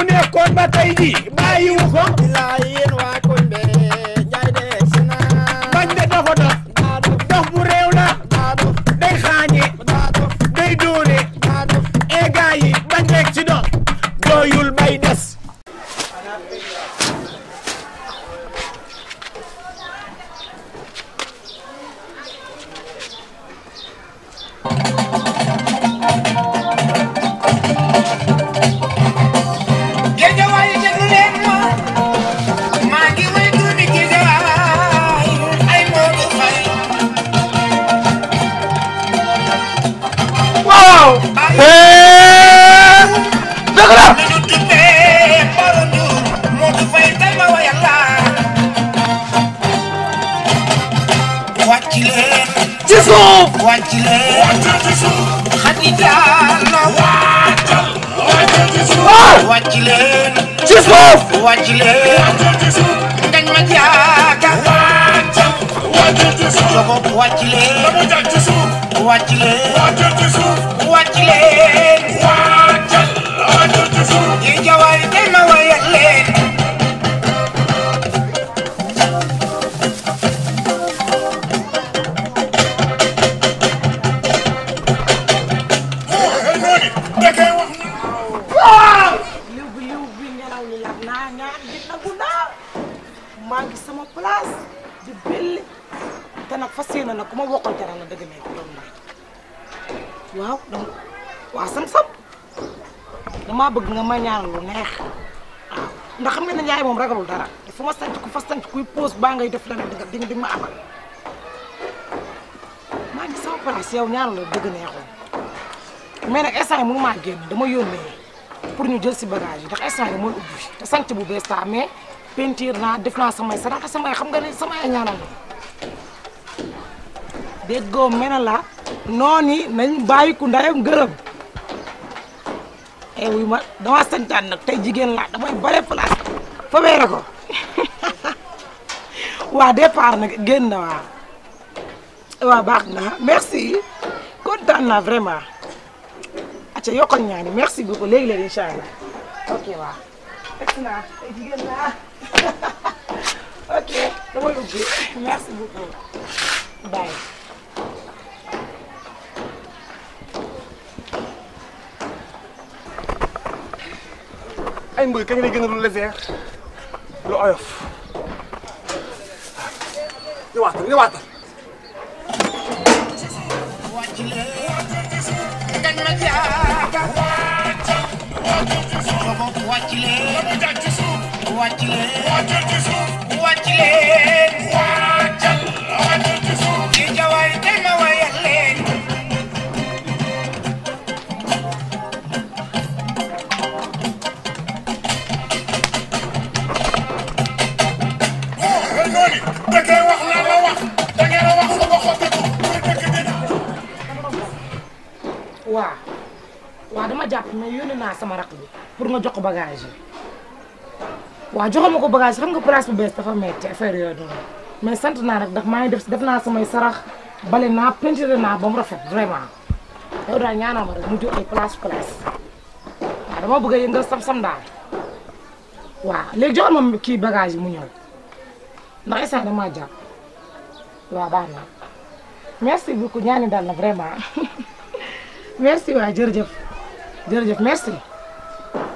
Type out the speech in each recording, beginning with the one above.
mu nekkoon ba tey jii bàyyiwu ko ci suuf wàcc leen ci suuf xadi yàlla wàccal wàcc leen ci suuf wàcc leen ci suuf ngañ ma jaaka wàccal wàccal ci suuf logo wàcc leen ci suuf wàcc leen wàccal ci suuf wàcc leen wàccal wàccal ci suuf damaa bëgg nga ma ñaan lu neex waaw ndax xam nga na ñaay moom ragalul dara fu ma sant ku fa sant kuy pause baa ngay def leneen di nga di ma abal maa ngi sama place ñaan la dëgg neexoon mais nag instant yi mënu maa génn dama yónnee pour ñu jël si bagage yi ndax instant te sant bu bees taa mais peinture naa def naa samay sarax samay xam nga ne samay ñaanal la déggoo mel la noonu nañ bàyyi ku ndayam gërëm. eh wuy ma damaa santaan nag tey jigéen laa damay bare place fa weere ko waa départ nag génn na waa waaw baax na merci kontaan naa vraiment acca yokkal ñaani merci beaucoup léegi-léegi incha allah ok waaw fekk naa tey jigéen laa ok damay ay mbër kañ lay gën a lu légère lu oyof ñu waxtaan ñu waxtaan wàcc leen wàcc leen bagage yi waaw joxal ma ko bagage xam nga place bu bees dafa metti affaire yooyu noonu mais sant naa nag ndax maa ngi def def naa samay sarax bale naa peinture naa ba mu rafet vraiment yow daal ñaanal ma rek mu jóg ay place place waaw dama bëgg a yëngal sam-sam daal waaw léegi joxal ma kii bagage yi mu ñëw ndax instant damaa jàpp waaw baax na merci beaucoup ñaani daal na vraiment merci waay jërëjëf jërëjëf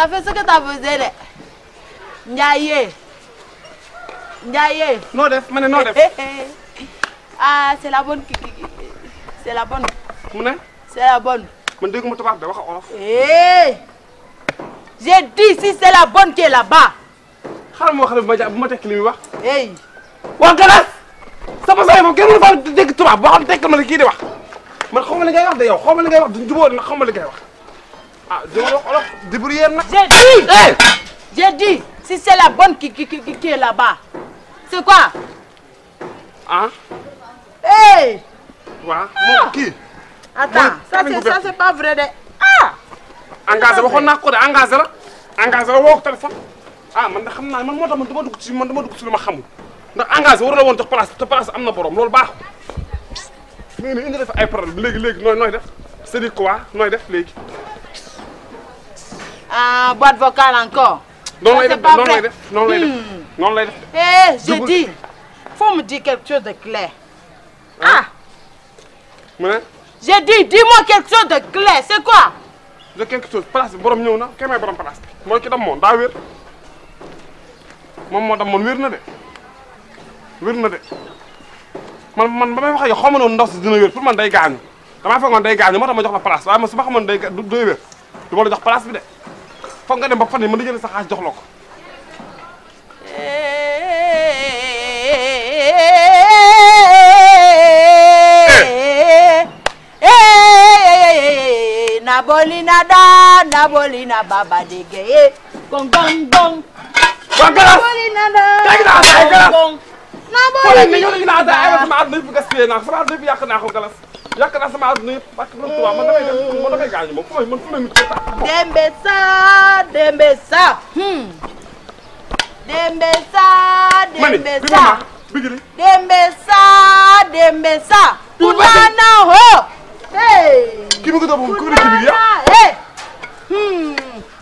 t'as fait ce que t'as faisé là. Ndiaye Ndiaye noo def mané ne def eh, eh, eh. ah c'est la bonne qui kii c'est la bonne Mouné c'est la bonne man dégguma tubaab de wax a olof j'ai dit si c'est la bonne qui est là-bas xaaral mo wax la bu ma ja bu ma tekki li muy wax ey wax galas sama say mo kenn fa faa dégg tubaab boo xam tekki ma la di wax man xaw li ngay wax de yow xaw li ngay wax du jubóo na xaw li ngay wax ah j'ai dit. hey si c'est la bonne qui qui est là-bas c'est quoi. Hein? hey. Quoi? Ah! attends ça c'est pas vrai de ah. Un waxoon naa quoi de engagé là engagé téléphone ah man pas sais pas man moo man dama ci te place cest quoi ah boîte vocale encore. Non, non, pas non, non, non, hmm. non, lay non, non. eh je faut me dire quelque chose de clair. Hein? ah. mais non dis moi quelque chose de clair c'est quoi. de quelque chose place non? non, na place mooy ki Mon, de na man man ba may man la place man su comme day place foog nga dem ba fan yi mën na jël sa xaalis jox la ko. Eh! na bolina da na bolina baba dege ye eh! gong gong gong. waa Galas bolina da na bolina. Galas. na bolina da sama at mi yàq naa ko Galas. Yakana sama aduni pakinu tua mana mega mana mega ni mo fume mo fume mi kota. Dembesa, dembesa. Hmm. Dembesa, dembesa. Bigiri. Dembesa, dembesa. Kunana ho. Hey. Kimi kota bom kuri kimi ya. Hey.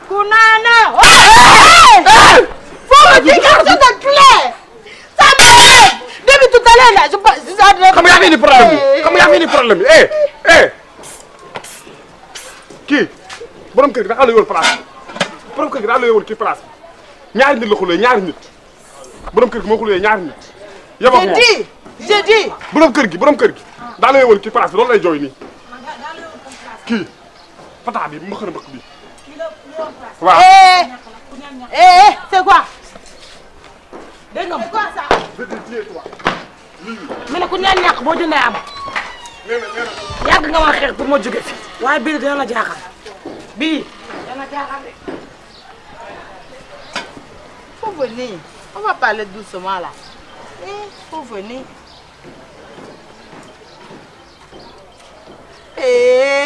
Kunana ho. Hey. Fume, diga tudo. indi problème bi eh, eh. kii borom kër gi dafa la yowoon place bi borom kër gi nit la xulee ñaari nit borom kër gi moo xulee ñaari nit. yem ak moom je kër gi borom kër gi daal la yowoon kii jooy nii kii pata bi mbëq na bi waaw. Eh, eh c'est quoi. dégg nga. c'est quoi ça. ne ku yàgg nga pour faut venir on va parler doucement là eh faut venir. eh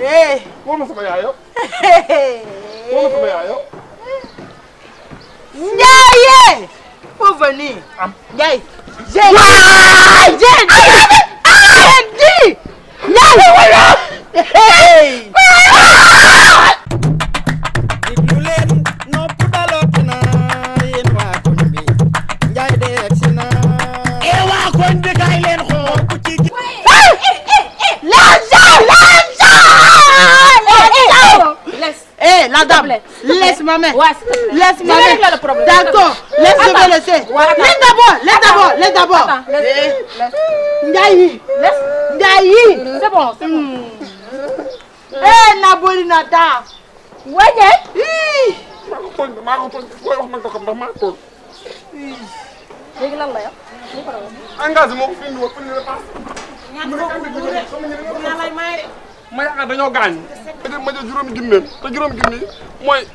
eh. venir. Il sama venir. Il faut venir. faut venir. laisse ma main. laisse ma main. D'accord. Laisse, je vais laisser. Laisse d'abord, laisse d'abord, laisse d'abord. Ndaï. laisse C'est bon, c'est bon. Eh, Naboli Nata. Wenye. Angaz mo fi ñu fi ñu la pass. Ñaan ko ko ko ko ñaan lay may. Ma yaaka dañoo gañ. Ma jël juroom jinne. Te juroom jinne moy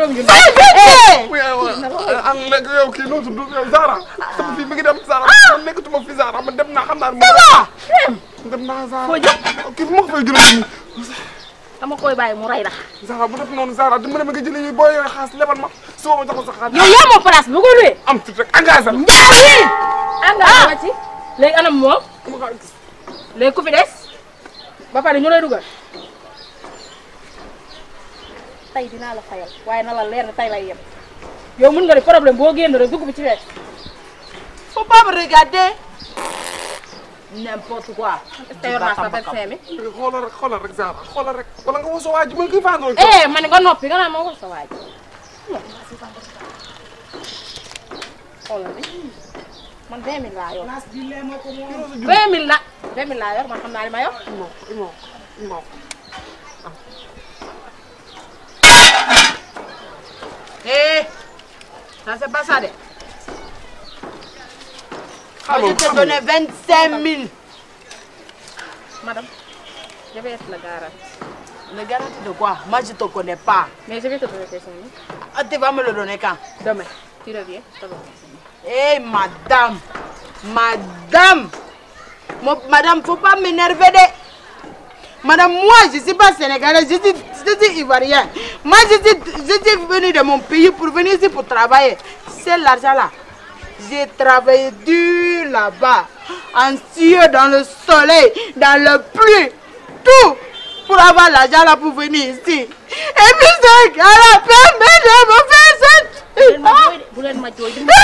am eh, oh, eh, ah, nekk yow kii noo tudd yow Zara. Ah. sama fii mi ngi dem Zara ah! man nekkatuma fi Zara man dem naa xam naa. Hmm, dem naa Zara foo jëm oh, kii fu ma ko fay jëlee dama koy bàyyi mu rey la. Zara bu def noonu Zara dama dem nga jëlee ñuy booy yooyu xaalis lebal ma suba ma jox sa xaalis. yow yaa ma place bu ko luwee. am tuuti rek engagé la. njëriñ. engagé ma ci léegi anam moom. léegi ku fi des ba pare ñu lay dugal. tey dinaa la fayal waaye na la leer ne tey lay yem yow mën nga ne problème boo génn rek dugg bi ci wees faut pas me regarder n'importe quoi. te yor naa sa vingt-cinq mille. xoolal rek xoolal rek Zara xoolal rek wala nga woo sa waaj mën nga faa eh man nga noppi nga naan ma woo sa waaj. xoolal bi man vingt mille laa yor. vingt mille la vingt mille laa yor man xam naa li ma yor. Ça, c'est pas ça, ah je te ah donne 25 000. Madame, je vais être la garantie. La garantie de quoi Moi, je ne te connais pas. Mais je vais te donner 5 000. Ah, tu vas me le donner quand Demain. Tu reviens, Eh madame Madame Madame, faut pas m'énerver Madame, moi, je ne suis pas sénégalais, je suis, je suis ivoirienne. Moi, j'étais venu de mon pays pour venir ici pour travailler. C'est l'argent-là. J'ai travaillé dur là-bas, en cieux, dans le soleil, dans le pluie, tout pour avoir l'argent là pour venir ici. Et puis, à la fin, mais je me fais ça.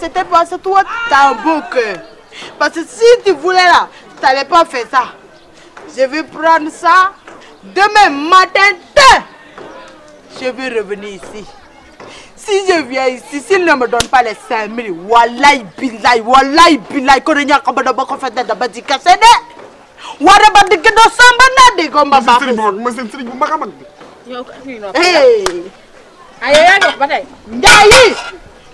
C'était cette ce toi, t'as un beau cœur. Parce que si tu voulais là, tu n'allais pas faire ça. Je vais prendre ça. Demain matin, je vais revenir ici. Si je viens ici, s'il ne me donne pas les 5000, wallahi billahi, wallahi billahi, qu'on n'y a pas de bon fait de bâti cassé. c'est. ba dik do samba na de ko mbaba. Sëriñ bu ma a mag. Yow ka ni Hey. Ay ay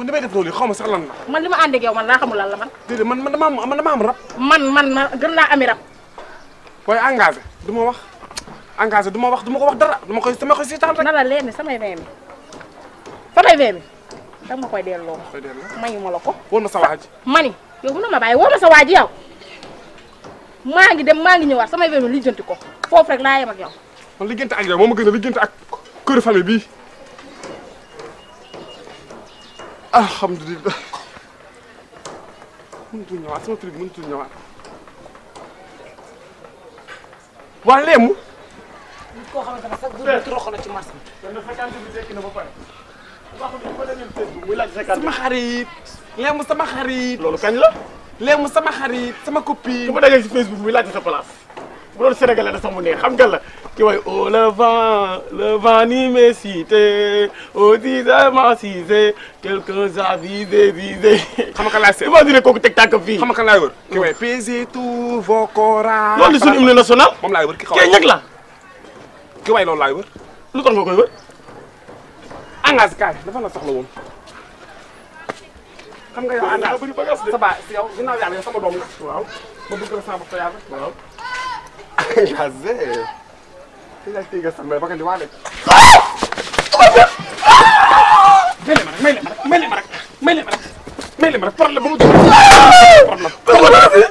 man damay def loolu xaw ma sax lan la. man li ma ànd ak yow man laa xamul lan la man. déedéet man man damaa man am rab. man man ma gën laa ami rab. waaye engagé du ma wax engagé du ma wax du ko wax dara dama koy dama koy seetaan na la samay vee mi samay vee delloo. koy la ko. wóor ma sa waaj. mani yow mën na ma bàyyi wóor ma sa waaj yow maa ngi dem maa ngi ñëwaat samay vee mi lijjanti ko foofu rek laa yem ak man lijjanti ak yow moom ma gën a lijjanti ak kër famille bii. alhamdulilah mënutul ñëwaat sama prix bi mënutul ñëwaat waa Léemu. nit koo xamante ne sax góor gi rox na ci marché bi. na ba pare. sama xarit Léemu sama xarit. loolu kañ la. Léemu sama xarit sama copine. bu ma dajee si Facebook muy laajte sa place bu doon sénégalais da sax mu xam nga qui voit oh le vent, le vent ni m'est cité, oh disait m'a cisé, quelqu'un a visé, visé. xam nga kan laay seet. imagine kooku teg tànk fii. xam nga kan laay wër. ki waay pesez tous vos koras. loolu di suñu hymne national. moom laay wër ki xaw a ñag la. ki waay loolu laay wër. lu tax nga koy wër. la soxla woon. xam nga yow engagé sa ba yow ginnaaw yàlla yow sama doom la. waaw ma bëgg la sama bopp yàlla. Tidak tiga sampai bahkan di mana? Mele marak, mele marak, mele marak, mele marak, mele marak, parle mucho. Parle, parle.